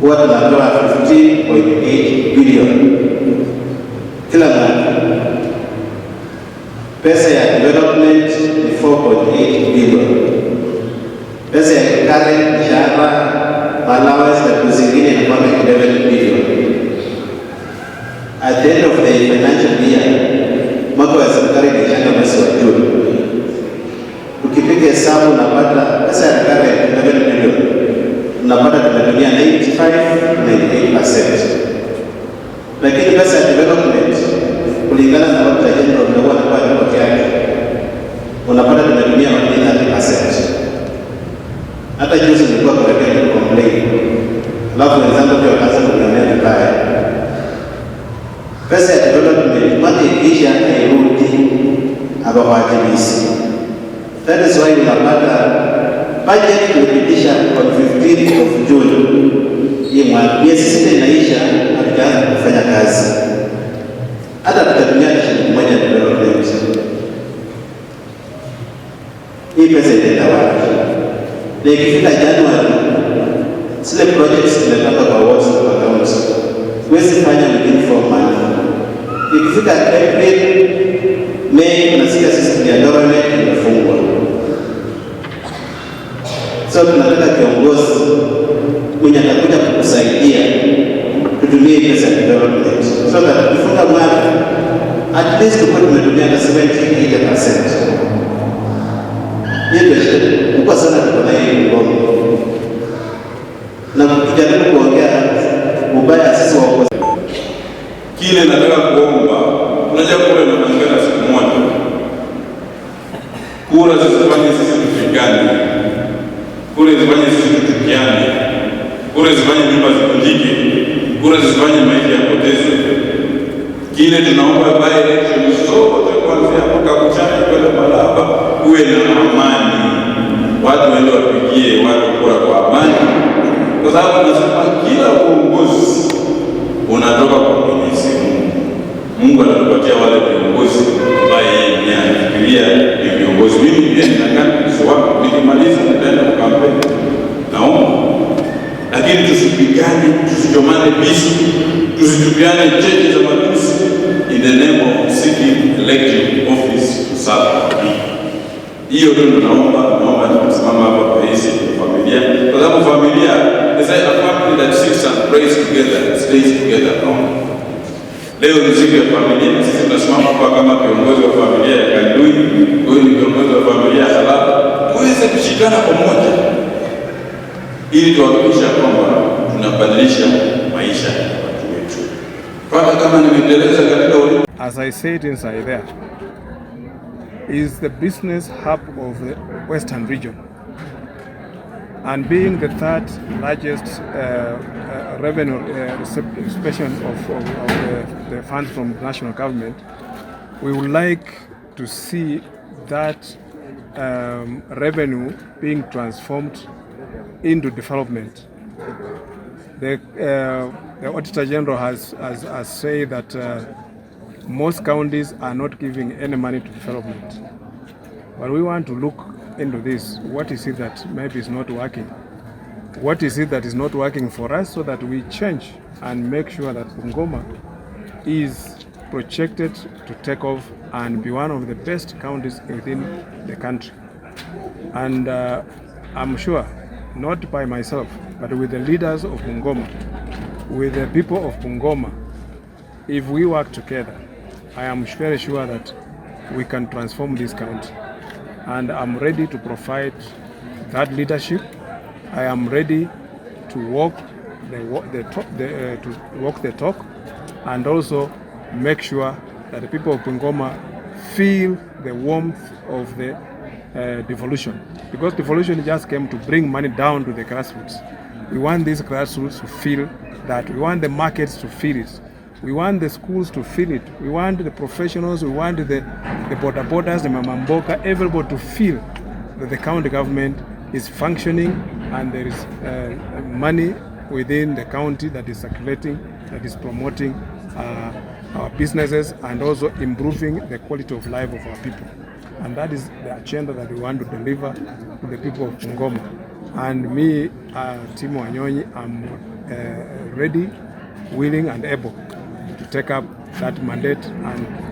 huwa tunatoa 15.8 bilioni kila mwaka, pesa ya development Pesa ya kidonda tumeipata ikisha hairudi hapa kwa akimisi. That is why unapata budget tumepitisha on 15 of June. Hii miezi sita inaisha, hatujaanza kufanya kazi. Hata tutatumia shilingi moja ya Hii pesa itaenda wapi? Na ikifika Januari, zile projects zimepanga kwa WhatsApp accounts. Huwezi fanya within four months. Ikifika April May, tunasikia system ya government imefungwa. So tunataka kiongozi mwenye atakuja kukusaidia tutumie pesa ya government, so that tukifunga mwaka at least tukuwa tumetumia 78% kubwa sana tuko na hii mgomo na kujaribu kuongea ubaya sisi wa kile nataka kura zisifanye sisi tufikane, kura zifanye sisi tutukiane, kura zifanye nyumba zivunjike, kura zisifanye maisha yapoteze. Kile tunaomba by election zote kuanzia mwaka kuchana kwenda Malaba kuwe na amani, watu waende wapigie watu kura kwa amani, kwa sababu nasema kila uongozi unatoka kwa Mwenyezi Mungu. Mungu anatupatia wale viongozi ambaye yeye anafikiria viongozi mimi pia ninakawako nikimaliza nitaenda kukampeni, naomba lakini tusipigane, tusichomane bisu, tusitupiane cheche za matusi in the name of City Elective Office SACCO. Hiyo ndio naomba, naomba tusimame hapa kwa hizi familia, kwa sababu familia is a family that sits and prays together, stays together. Naomba Leo ni siku ya familia, sisi tunasimama hapa kama viongozi wa familia ya Kaidui, huyu ni viongozi wa familia ya Halaba, tuweze kushikana pamoja ili tuhakikisha kwamba tunabadilisha maisha ya watu wetu. kwanza kama nimeendeleza katika As I said inside there is the business hub of the Western region and being the third largest uh, revenue uh, expression of, of, of the, uh, the funds from national government, we would like to see that um, revenue being transformed into development. The, uh, the Auditor General has, has, has said that uh, most counties are not giving any money to development. But we want to look into this. What is it that maybe is not working? what is it that is not working for us so that we change and make sure that Bungoma is projected to take off and be one of the best counties within the country. And uh, I'm sure, not by myself, but with the leaders of Bungoma, with the people of Bungoma, if we work together, I am very sure that we can transform this country. And I'm ready to provide that leadership I am ready to walk the, the, the, uh, to walk the talk and also make sure that the people of Bungoma feel the warmth of the uh, devolution because devolution just came to bring money down to the grassroots. We want these grassroots to feel that. We want the markets to feel it. We want the schools to feel it. We want the professionals, we want the, the border borders, the mamamboka, everybody to feel that the county government is functioning and there is uh, money within the county that is circulating that is promoting uh, our businesses and also improving the quality of life of our people and that is the agenda that we want to deliver to the people of Bungoma and me uh, Timo Anyonyi I'm uh, ready willing and able to take up that mandate and